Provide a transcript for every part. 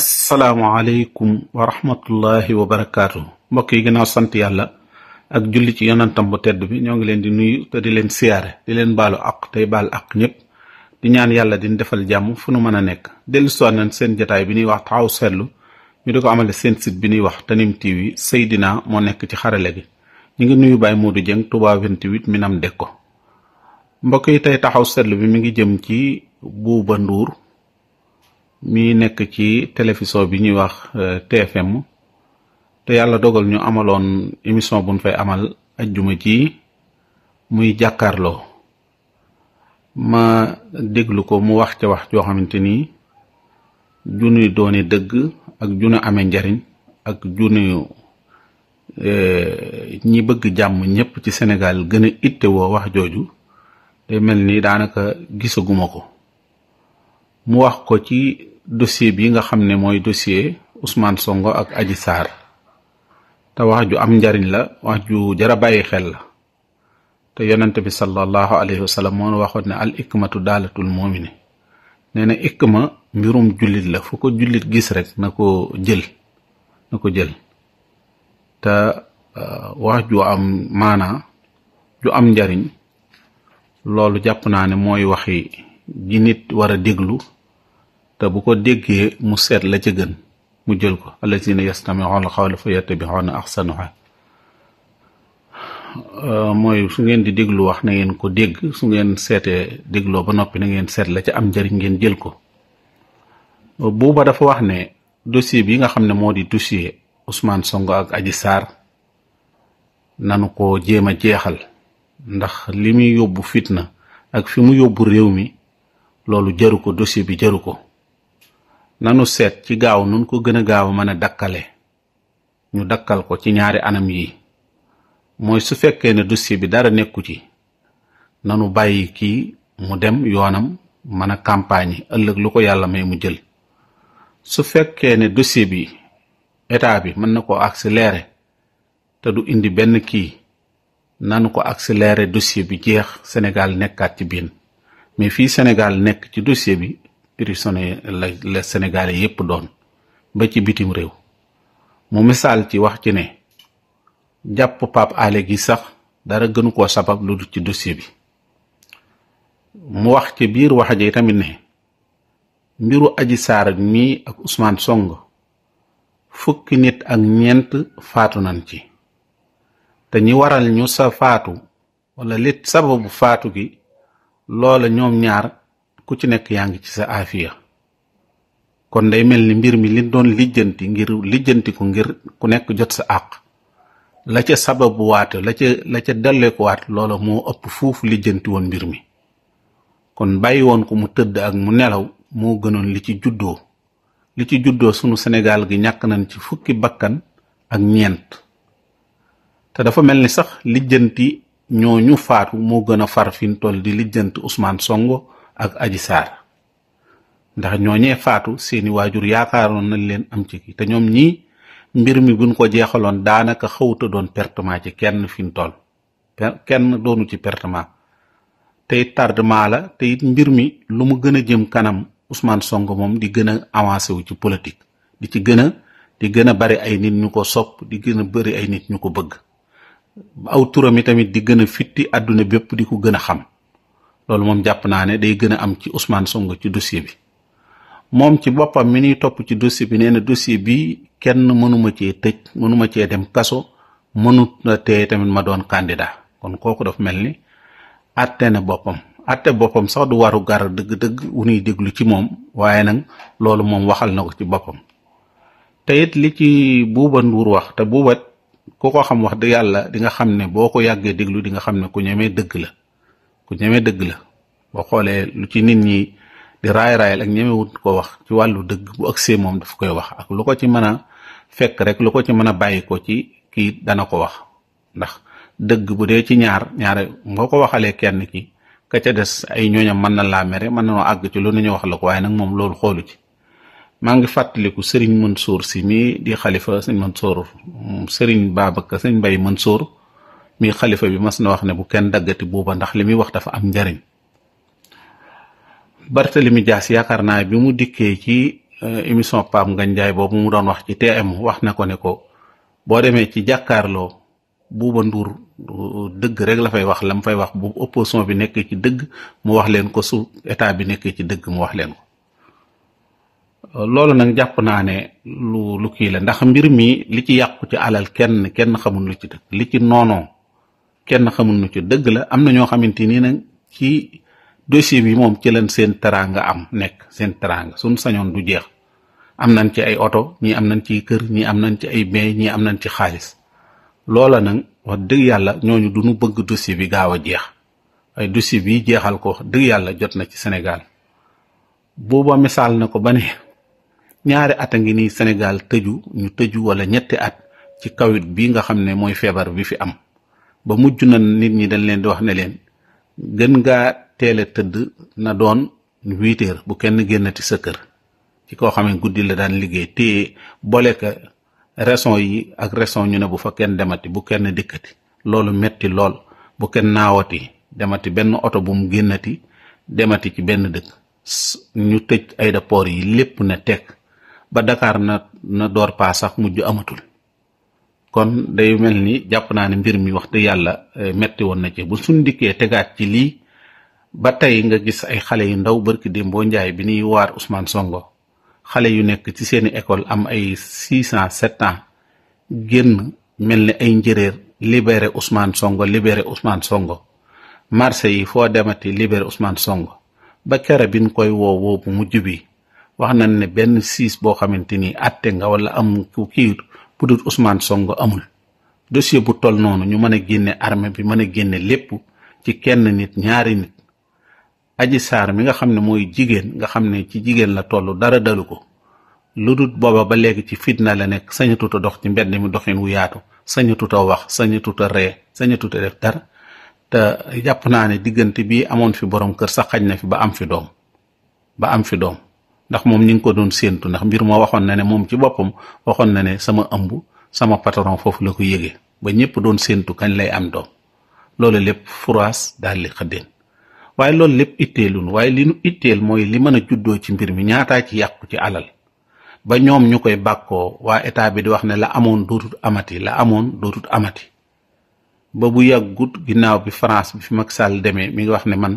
asalaamaaleykum wa rahmatullahi wa barakaatu mbokk yi gannaaw sant yàlla ak julli ci yonantam bu tedd bi ñoo ngi leen di nuyu te di leen siyaare di leen baalu àq tey baal àq ñëpp di ñaan yàlla di defal jàmm fu nu mën a nekk dellu si seen jataay bi ñuy wax taxaw seetlu ñu di ko amale seen site bi ñuy wax Tanime TV Seydina moo nekk ci xarale gi ñu ngi nuyu Baye Modou Dieng Touba 28 Minam Dekko mbokk yi tey taxaw seetlu bi mi ngi jëm ci Bouba Ndour mi nekk ci télévision bi ñuy wax euh, TFM te yàlla dogal ñu amaloon émission buñ fay amal ajjuma ci muy jàkkaarloo ma déglu ko mu wax ca wax joo xamante ni junuy doone dëgg ak junu amee njariñ ak junu euh, ñi bëgg jàmm ñépp ci Sénégal gën a ittewoo wax jooju day mel ni daanaka gisaguma ko mu wax ko ci dossier bi nga xam ne mooy dossier Ousmane songo ak aji saar te wax ju am njariñ la wax ju jara bàyyi xel la te yonent bi sallallahu alayhi wa sallam moo waxoon ne al ikmatu daalatul mu'mini nee ikma mbirum julit la fu ko jullit gis rek na ko jël na ko jël te uh, wax ju am maanaa ju am njariñ loolu jàpp naa ne mooy waxi ji nit war a déglu te bu ko déggee mu seet la ca gën mu jël ko allazina yastami'una al-qawla fa yattabi'una ahsanahu euh, mooy su ngeen di déglu wax na ngeen ko dégg su ngeen seetee dégloo ba noppi na ngeen seet la ca am njëriñ ngeen jël ko buuba dafa wax ne dossier bi nga xam ne moo di dossier Ousmane Sonko ak aji saar nanu ko jéem a jeexal ndax li muy yóbbu fitna ak fi mu yóbbu réew mi loolu jaru ko dossier bi jaru ko nanu seet ci gaaw nun ko gën a gaaw mën a dàkkale ñu dakkal ko ci ñaari anam yi mooy su fekkee ne dossier bi dara nekku ci nanu bàyyi kii mu dem yoonam mën a campagne ëllëg lu ko yàlla may mu jël su fekkee ne dossier bi état bi mën na ko accélérer te du indi benn kii nanu ko leere dossier bi jeex Sénégal nekkaat ci biir mais fii Sénégal nekk ci dossier bi irrisonné la la yépp doon ba ci bitim réew mu misaal ci wax ci ne jàpp Pape Alé gi sax dara gënu ko sabab lu dul ci dossier bi mu wax ci biir wax ji tamit ne mbiru aji Sarr mii ak Ousmane song fukki nit ak ñeent faatu nañ ci te ñi waral ñu sa faatu wala lit sababu faatu gi loola ñoom ñaar ku ci nekk yaa ngi ci sa aafiya kon day mel ni mbir mi li doon lijjanti ngir lijjanti ko ngir ku nekk jot sa àq la ca sababu waate la ca la ca moo ëpp fuufu lijjanti woon mbir mi kon bàyyi woon ko mu tëdd ak mu nelaw moo gënoon li ci juddoo li ci juddoo sunu senegaal gi ñàkk nañ ci fukki bakkan ak ñeent te dafa mel ni sax lijjanti ñoo ñu faatu moo gën a far fi di lijjanti usmaan songo ak Adji Sarr ndax ñooñee faatu seeni waajur yaakaaroon nañ leen am ci kii te ñoom ñii mbir mi buñ ko jeexaloon daanaka xawuta doon pertement ci kenn fi mu toll kenn doonu ci pertement te it tardement la te it mbir mi lu mu gën a jëm kanam Ousmane song moom di gën a avancé wu ci politique di ci gën a di gën a bari ay nit ñu ko sopp di gën a bari ay nit ñu ko bëgg aw turam yi tamit di gën a fitti àdduna bépp di ko gën a xam loolu moom jàpp naa ne day gën a am ci Ousmane song ci dossier bi moom ci boppam mi ñuy topp ci dossier bi nee na dossier bi kenn mënuma cee tëj mënuma cee dem kaso mënut na tee tamit ma doon candidat kon kooku dafa mel ni atte na boppam atte boppam sax du waru gar dëgg-dëgg wu ñuy déglu ci moom waaye nag loolu moom waxal na ko ci boppam te it li ci buuba nduur wax te buubat ku ko xam wax dëgg yàlla di nga xam ne boo ko yàggee déglu di nga xam ne ku ñemee dëgg la ku ñeme dëgg la boo xoolee lu ci nit ñi di raay raayal ak ñeme ko wax ci wàllu dëgg bu agsee moom daf koy wax ak lu ko ci mën a fekk rek lu ko ci mën a bàyyi ko ci kii dana ko wax ndax dëgg bu dee ci ñaar ñaare nga ko waxalee kenn ki ka ca des ay ñooñam mën na laa mere mën na noo àgg ci lu ñu wax la ko waaye nag moom loolu xoolu ci maa ngi fàttaliku sëriñ Mansour si mii di xalifa sëriñ Mansour sëriñ Babacar sëriñ mën Mansour mi xalifa bi mas na wax ne bu kenn daggati buuba ndax li muy wax dafa am njariñ Barthélemy Dias yaakaar naa bi mu dikkee ci euh, émission Pape Ngagne Ndiaye boobu mu doon wax ci TM wax na ko ne ko boo demee ci jàkkaarloo buuba nduur euh, dëgg rek la fay wax la mu fay wax bu opposition bi nekkee ci dëgg mu wax leen ko su état bi nekkee ci dëgg mu wax leen ko euh, loolu nag jàpp naa ne lu lu la ndax mbir mi li ci yàqu ci alal kenn kenn xamul lu ci dëgg li ci noonoo kenn xamul nu ci dëgg la am na ñoo xamante ni nag ci dossier bi moom ci leen seen teraanga am nekk seen teraanga suñ sañoon du jeex am nañ ci ay oto ñii am nañ ci kër ñii am nañ ci ay biens ñii am nañ ci xaalis loola nag wax dëgg yàlla ñooñu du ñu bëgg dossier bi gaaw a jeex waaye dossier bi jeexal ko dëgg yàlla jot na ci Sénégal booba misaal na ko ba ne ñaari at a ngi nii Sénégal tëju ñu tëju wala ñetti at ci kawit bi nga xam ne mooy feebar bi fi am ba mujj na nit ñi dañ leen di wax ne leen gën ngaa teel a tëdd na doon huit heures bu kenn génnati sa kër ci koo xam ne guddi la daan liggéey te boole ka raison yi ak raison ñu ne bu fa kenn demati bu kenn dikkati loolu metti lool bu kenn naawati demati benn oto bu mu génnati demati ci benn dëkk ñu tëj aéroport yi lépp na teg ba dakaar na na door paa sax mujj amatul kon day mel ni jàpp naa ne mbir mi wax dëgg yàlla eh, metti woon na ci ba suñ dikkee tegaat ci lii ba tey nga gis ay xale yu ndaw barki démboo njaay bi ñuy waar Ousmane songo xale yu nekk ci seeni école am ay six ans sept ans génn mel ni ay njéréer libéré Ousmane songo libéré Ousmane songo marché yi foo demati libéré Ousmane Sonko ba kere biñ koy woo bu mujj bi wax na ne benn siis boo xamante ni atte nga walla am ku kiitu bu dul Ousmane Sonko amul dossier bu toll noonu ñu mën a génne armée bi mën a génne lépp ci kenn nit ñaari nit aji saar mi nga xam ne mooy jigéen nga xam ne ci jigéen la toll dara dalu ko lu dut booba ba léegi ci fitna la nekk saña tuta dox ci mbedd mi doxin wu yaatu saña tuta wax saña tuta ree saña tuta def dara te jàpp naa ne diggante bi amoon fi borom kër sax xaj na fi ba am fi doom ba am fi doom ndax moom li ngi ko doon séentu ndax mbir ma waxoon na ne moom ci boppam waxoon na ne sama ëmb sama pataron foofu la ko yëgee ba ñëpp doon séentu kañ lay am doom loolu lépp furaas daal di xëddeen waaye loolu lépp itteelun waaye li nu itteel mooy li mën a juddoo ci mbir mi ñaataa ci yàqu ci alal ba ñoom ñu koy bàkkoo waa état bi di wax ne la amoon dootut amati la amoon dootut amati ba bu yàggut ginnaaw bi France bi fi Macky Sall demee mi ngi wax ne man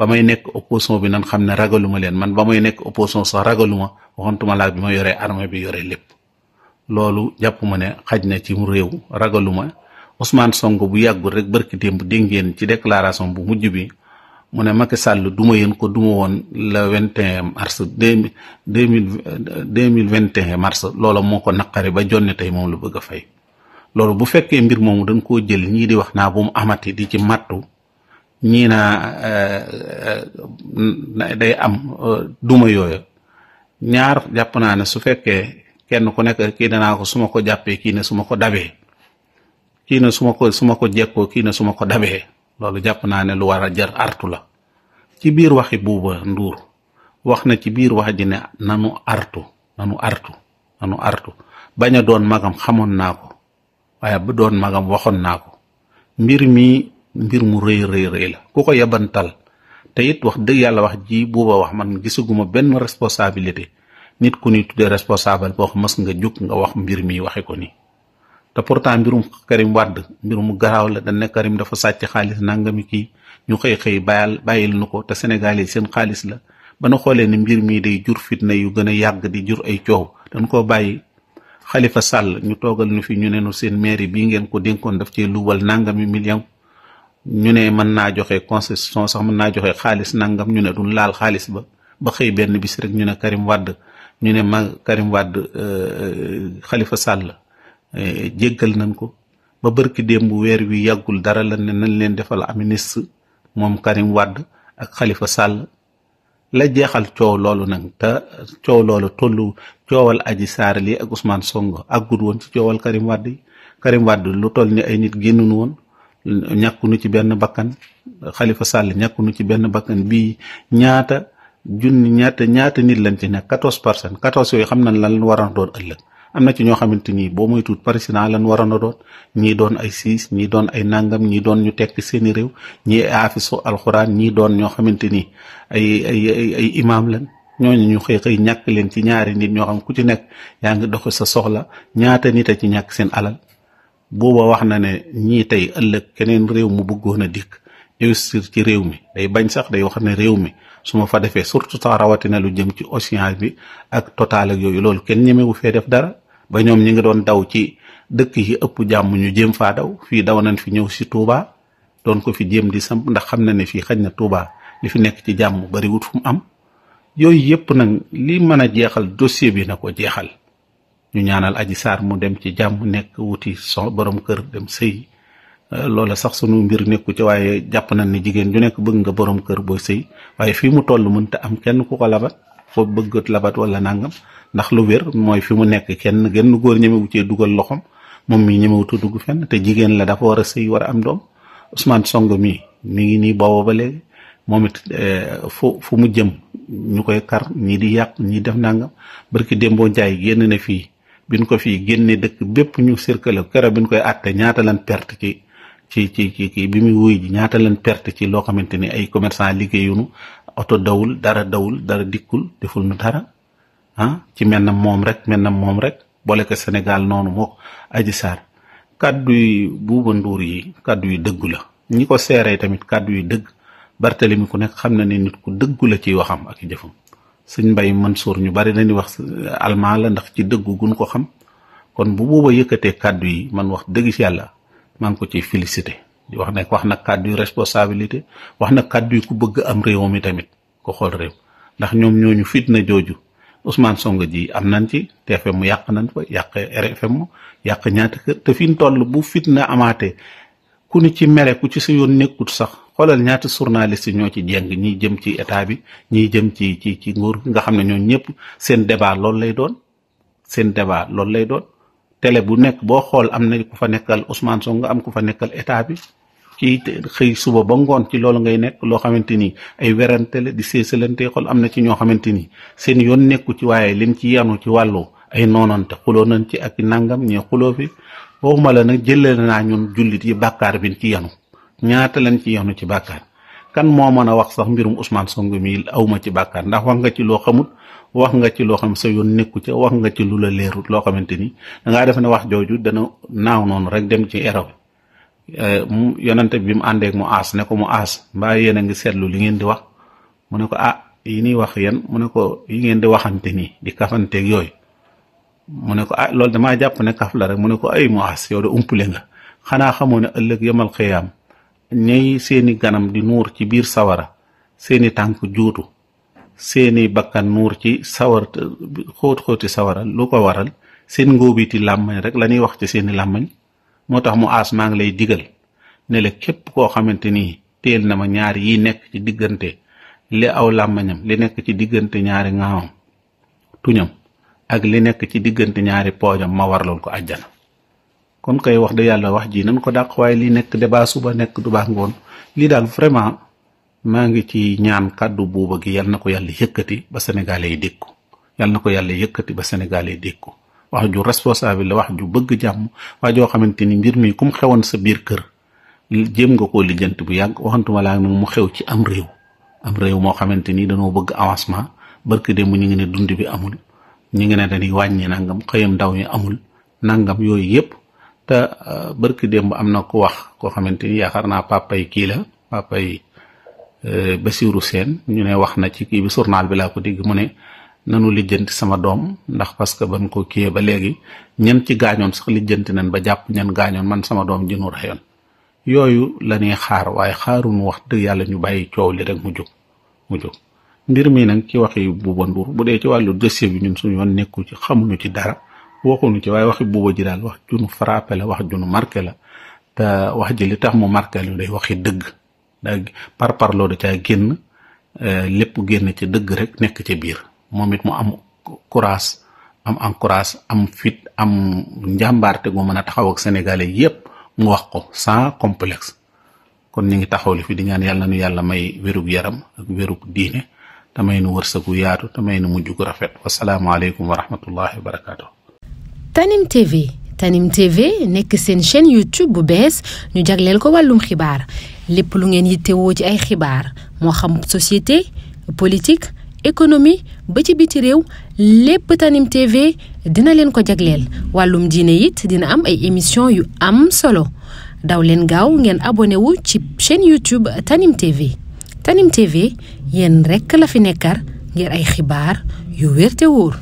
ba may nekk opposition bi nan xam ne ragaluma leen man ba may nekk opposition sax ragaluma waxantuma laa bi ma yoree armée bi yore lépp loolu jàpp ma ne xaj na ci réew ragaluma Ousmane Sonko bu yàggul rek barki démb dégg ngeen ci déclaration bu mujj bi mu ne Macky Sall duma yéen ko duma woon le vingt et un mars deux mille deux mille vingt et un loola moo ko naqari ba jonne tey moom la bëgg a fay loolu bu fekkee mbir moomu dañ koo jël ñii di wax naa bu mu amati di ci màttu ñii naa eh, eh, day am eh, duma yooyu ñaar jàpp naa ne su fekkee kenn ku nekk kii danaa ko su ma ko jàppee kii ne su ma ko dabee kii ne su ma ko su ma ko jekkoo kii ne su ma ko dabee loolu jàpp naa ne lu war a jar artu la ci biir waxi buuba nduur wax na ci biir wax ji ne nanu artu nanu artu nanu artu bañ a doon magam xamoon naa ko waaye bu doon magam waxoon naa ko mbir mi mbir mu rëy rëy rëy la ku ko yebantal te it wax dëgg yàlla wax ji booba wax man gisaguma benn responsabilité nit ku ni tuddee responsable boo xam mës nga jóg nga wax mbir mi waxe ko ni te pourtant mbirum Karim Wade mbirum garaaw la dañ Karim dafa sàcc xaalis nangami kii ñu xëy xëy bàyyal bàyyil nu ko te Sénégal seen xaalis la ba nu xoolee ni mbir mii day jur fitna yu gën a yàgg di jur ay coow dañ koo bàyyi Xalifa Sàll ñu toogal nu fi ñu ne nu seen mairie bii ngeen ko dénkoon daf cee luubal nangami million ñu ne mën naa joxe concession sax mën naa joxe xaalis nangam ñu ne duñ laal xaalis ba ba xëy benn bis rek ñu ne Karim wàdd ñu ne ma Karim Wade euh, Khalifa Sall euh, jéggal nañ ko ba bërki démb weer wi yàggul dara la ne nañ leen defal amnistie moom Karim Wade ak Khalifa Sall la jeexal coow loolu nag te coow loolu tollu coowal Adji Sarr lii ak Ousmane ak àggut woon ci coowal Karim wàdd yi Karim Wade lu toll ni ay nit génnuñu woon ñàkkunu ci benn bakkan xalifa Sall ñàkkunu ci benn bakkan bii ñaata junni ñaata ñaata nit lañ ci nekk quatorze personnes quatorze yooyu xam nañ lan lañ war a doon ëllëg am na ci ñoo xamante ni boo moytuwul naa lan war a doon ñii doon ay siis ñii doon ay nangam ñii doon ñu tekki seeni réew ñii ay aafisu alxuraan ñii doon ñoo xamante ni ay ay ay ay imaam lañ. ñooñu ñu xëy xëy ñàkk leen ci ñaari nit ñoo xam ku ci nekk yaa ngi dox sa soxla ñaata nit a ci ñàkk seen alal booba wax na ne ñii tey ëllëg keneen réew mu bëggoon a dikk investir ci réew mi day bañ sax day wax ne réew mi su ma fa defee surtout sax rawatina lu jëm ci océan bi ak total ak yooyu loolu kenn ñemewu fee def dara ba ñoom ñu ngi doon daw ci dëkk yi ëpp jàmm ñu jëm faa daw fii daw nañ fi ñëw si Touba doon ko fi jéem di samp ndax xam na ne fii xëj na tuubaa li fi nekk ci jàmm bariwut fu mu am yooyu yëpp nag li mën a jeexal dossier bi na ko jeexal ñu ñaanal aji saar mu dem ci jàmm nekk wuti son boroom kër dem sëy euh, loola sax sunu mbir nekku ci waaye jàpp nañ ni jigéen ju nekk bëgg nga borom kër boo sëy waaye fii mu toll mënta am kenn ku ko labat bëggat labat wala nangam ndax lu wér mooy fi mu nekk kenn genn góor ñemewu cee dugal loxom moom mii ñemewutu dugg fenn te jigéen la dafa war a sëy war am doom Ousmane song mii mi ngi nii booba ba léegi moom it euh, fu fu mu jëm ñu koy kar ñii di yàq ñii def nangam barki démboo njaay génn na fii biñ ko fii génnee dëkk bépp ñu circulé keroog biñ koy àtte ñaata lan perte ci ci ci ci kii bi muy wuy ji ñaata lan perte ci loo xamante ni ay commerçant liggéeyunu oto dawul dara dawul dara dikkul deful nu dara ah ci mel na moom rek mel na moom rek boole ko Sénégal noonu moo Adji Sarr kàddu yi buuba nduur yi kàddu yi dëggu la ñi ko seeree tamit kàddu yu dëgg Barthélemy ku nekk xam na ne nit ku dëggula ci ciy waxam ak jëfam sëñ Mbay Mansour ñu bari dañuy wax eh, almaa la ndax ci dëggu gun ko xam kon bu booba yëkkatee kàddu yi man wax dëgg si yàlla maa ngi ko ciy félicité di wax nag wax nag kàddu yu responsabilité wax na kàddu yi ku bëgg am réew mi tamit ko xool réew ndax ñoom ñooñu fitna jooju Ousmane song ji am nañ ci TFM mu yàq nañ fa yàq RFM yàq ñaata kër te fi mu toll bu fitna amaatee ku ni ci mere ku ci sa yoon nekkut sax xoolal ñaata journaliste yi ñoo ci jeng ñiy jëm ci état bi ñiy jëm ci ci ci nguur nga xam ne ñoom ñëpp seen débat loolu lay doon seen débat loolu lay doon télé bu nekk boo xool am na ku fa nekkal Ousmane Sonko am ku fa nekkal état bi ci xëy suba ba ngoon ci loolu ngay nekk loo xamante ni ay werante la di séesalante xool am na ci ñoo xamante ni seen yoon nekku ci waaye lim ci yanu ci wàllu ay noonante xuloo nañ ci ak nangam ñee xuloo fi waxuma la nag jëlee naa ñun jullit yi bàkkaar bin ci yanu ñaata lañ ci yanu ci bàkkaar kan moo mën a wax sax mbirum Ousmane Sonko mi awma ci bàkkaar ndax wax nga ci loo xamut wax nga ci loo xam sa yoon nekku ca wax nga ci lu la leerut loo xamante ni dangaa def ne wax jooju dana naaw noonu rek dem ci eraw eh, yonante bi mu àndeek mu aas ne ko mu aas mbaa yéen a ngi seetlu li ngeen di wax mu ne ko ah yi ñuy wax yéen mu ne ko yi ngeen di waxante nii di kafanteeg yooyu mu ne ko ah loolu damaa jàpp ne kaf la rek mu ne ko ay muas yow de umpule nga xanaa xamoon ne ëllëg yemal xiyaam ñay seeni ganam di nuur ci biir sawara seeni tànk juutu seeni bakkan nuur ci sawar xóot xóoti sawara lu ko waral seen ngóobiti làmmañ rek lañuy wax ci seeni làmmañ moo tax mu aas maa ngi lay digal nela képp koo xamante ni teel na ma ñaar yi nekk ci diggante li aw làmmañam li nekk ci diggante ñaari ŋaawam tuñam ak li nekk ci diggante ñaari poojam ma warlool ko àjjana kon kay wax de yàlla wax ji nan ko dàq waaye li nekk débat suba nekk du baax ngoon lii daal vraiment maa ngi ci ñaan kàddu buuba gi yal na ko yàlla yëkkati ba sénégalais yi dégg ko yal na ko yàlla yëkkati ba sénégalais yi dégg ko wax ju responsable la wax ju bëgg jàmm waa joo xamante ni mbir mi ku xewoon sa biir kër jéem nga ko lijjant bu yàgg waxantuma laa nag mu xew ci am réew am réew moo xamante ni dañoo bëgg avancement barke mu ñu ngi ne dund bi amul ñu ngi ne dañuy wàññi nangam xëyam ndaw ñi amul nangam yooyu yëpp te euh, barki démb am na ku wax koo xamante ni yaakaar naa papay kii la papay euh, Basiiru Seen ñu ne wax na ci kii bi journal bi laa ko dégg mu ne nanu lijjanti sama doom ndax parce que ban koo kiiyee ba léegi ñen ci gaañoon sax lijjanti nañ ba jàpp ñen gaañoon man sama doom ji nu yooyu la ñuy xaar waaye xaaruñu wax dëgg yàlla ñu bàyyi coow li rek mu jóg mu jóg mbir mii nag ci waxi Bouba Ndour bu dee ci wàllu dossier bi ñun suñu yoon nekku ci xamuñu ci dara waxuñu ci waaye waxi Bouba ji daal wax junu frappé la wax junu marke la te wax ji li tax mu marqué lu day waxi dëgg par parloo da caa génn eh, lépp génn ci dëgg rek nekk ci biir moom it mu am courage am encourage am fit am njàmbaarte gu mën a taxaw ak sénégalais yépp mu wax ko sans complexe kon ñu ngi taxaw li fi di ñaan yàlla nu yàlla may wérug yaram ak wérug d te may nu wërsëg gu yaatu te may nu mujj gu rafet wasalaamaaleykum wa rahmatullahi Tanim TV Tanim nekk seen chaîne YouTube bu bees ñu jagleel ko wàllum xibaar lépp lu ngeen yittewoo ci ay xibaar moo xam société politique économie ba ci biti réew lépp Tanim TV dina leen ko jagleel wàllum diine it dina am ay émission yu am solo daw leen gaaw ngeen abonné ci chaîne YouTube Tanim Tanim TV. yéen rekk la fi nekkar ngir ay xibaar yu wér te wóor